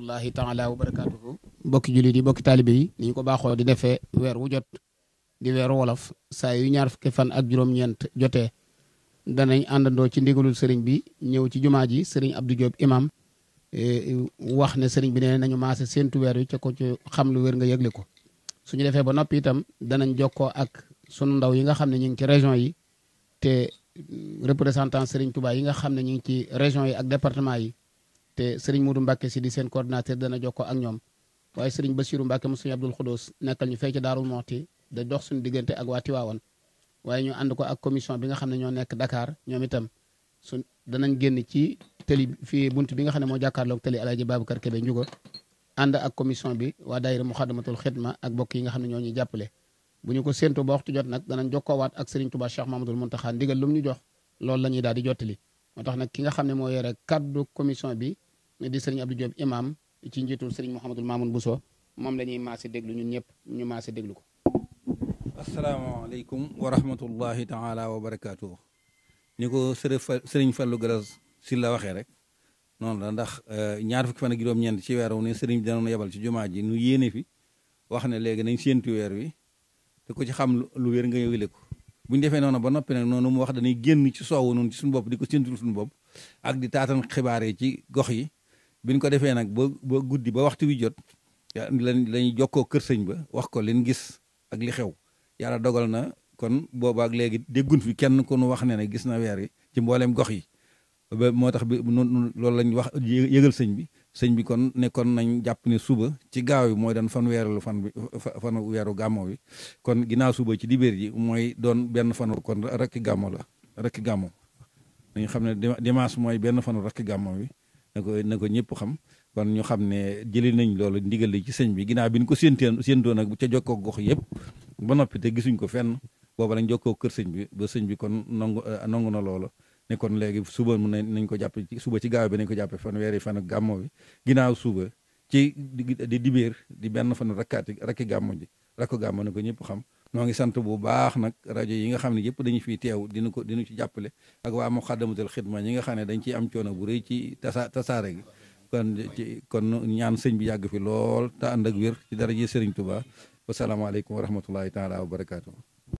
rahmatullahi taala wa barakaatuhu bokki jullit yi bokki taalibe yi ni ñu ko baaxoo di defee weer wu jot di weeru wolof saa yu ñaar fukki fan ak juróom-ñeent jotee danañ àndandoo ci ndigalul sëriñ bi ñëw ci jumaa ji sëriñ Abdou Diop imam e, wax ne sëriñ bi nee nañu maase séentu weer wi ca ko ci xam lu wér nga yëgle ko su ñu defee ba noppi itam danañ jokkoo ak sunu ndaw yi nga xam ne ñu ngi ci région yi te mm, représentant sëriñ Touba yi nga xam ne ñu ngi ci région yi ak département yi te Serigne Modou Mbacke si di seen coordinateur dana jokkoo ak ñoom waaye Serigne Bassirou Mbacke mu Serigne Abdoul Khoudous nekkal ñu fee ci Daarul Moxti da dox suñu diggante ak waa Tiwaawan waaye ñu ànd ko ak commission bi nga xam ne ñoo nekk Dakar ñoom itam su danañ génn ci tëli fii bunt bi nga xam ne moo jàkkaarloog tëli Alaaji Babacar Kébé Ndiouga ànd ak commission bi waa daayira Muxaddamatul Xidma ak bokk yi nga xam ne ñoo ñuy jàppale bu ñu ko séentoo ba waxtu jot nag danañ jokkoowaat ak Serigne Touba Cheikh Mamadou Mountakha ndigal lu mu ñu jox loolu la ñuy daal di jottali moo tax nag ki nga xam ne moo yore kaddu commission bi di sëriñ Abdou Diop imam ci njiitul sëriñ Mouhamadul bu so moom la ñuy maase déglu ñun ñëpp ñu maase déglu ko. asalaamaaleykum wa rahmatullahi taala wa barakaatu. ni ko sëriñ Fallou Garas si la waxee rek noonu la ndax euh, ñaar fukki fan ak juróom-ñeent ci weer wu ne sëriñ bi danoon yebal ci jumaa ji nu yéene fi wax na léegi nañ séentu weer wi te ko ci xam lu wér nga yëgle ko bu ñu defee noonu ba noppi nag noonu mu wax dañuy génn ci soowu noonu ci suñu bopp di ko séntul suñu bopp ak di taatan xibaar yi ci gox yi ñu ko defee nag ba ba guddi ba waxtu wi jot lañ lañuy jokkoo kër sëñ ba wax ko leen gis ak li xew yàlla dogal na kon boobaak léegi déggun fi kenn ku nu wax nee ne gis na weer yi ci mbooleem gox yi moo tax bi loolu lañ wax yëgal sëñ bi sëñ bi kon nekkoon nañ jàpp ne suba ci gaaw yi mooy doon fan fan bi fan weeru gàmmoo bi kon ginnaaw suba ci dibéer ji mooy doon benn fanu kon rakki gàmmoo la rakki gàmmo dañu xam ne dimanche mooy benn fanu rakki gàmmo bi na ko na ko ñëpp xam kon ñu xam ne jëli nañ loolu ndigal li ci sëñ bi ginnaaw bi ñu ko séenteen séentoon nag ca jokkoo gox yëpp ba noppi te gisuñ ko fenn booba lañ jokkoo kër sëñ bi ba sëñ bi kon nangu nangu na loola ne kon léegi suba mun nañ ko jàpp suba ci gaaw bi nañ ko jàppe fanweeri fan ak gàmmo bi ginnaaw suba ci di dibéer di benn fan rakkaati rakki gàmmo ji rakk gàmmo ne ko ñëpp xam noo ngi sant bu baax nag rajo yi nga xam ne yëpp dañu fiy teew dinu ko dinu ci jàppale ak waa Muxaddamatul Xidma ñi nga xam ne dañ ciy am coono bu rëy ci tasa tasaare gi kon ci kon ñaan sëñ bi yàgg fi lool te ànd ak wér ci dara ji Sëriñ Tuubaa wasalaamaaleykum wa rahmatullahi taala wa barakaatu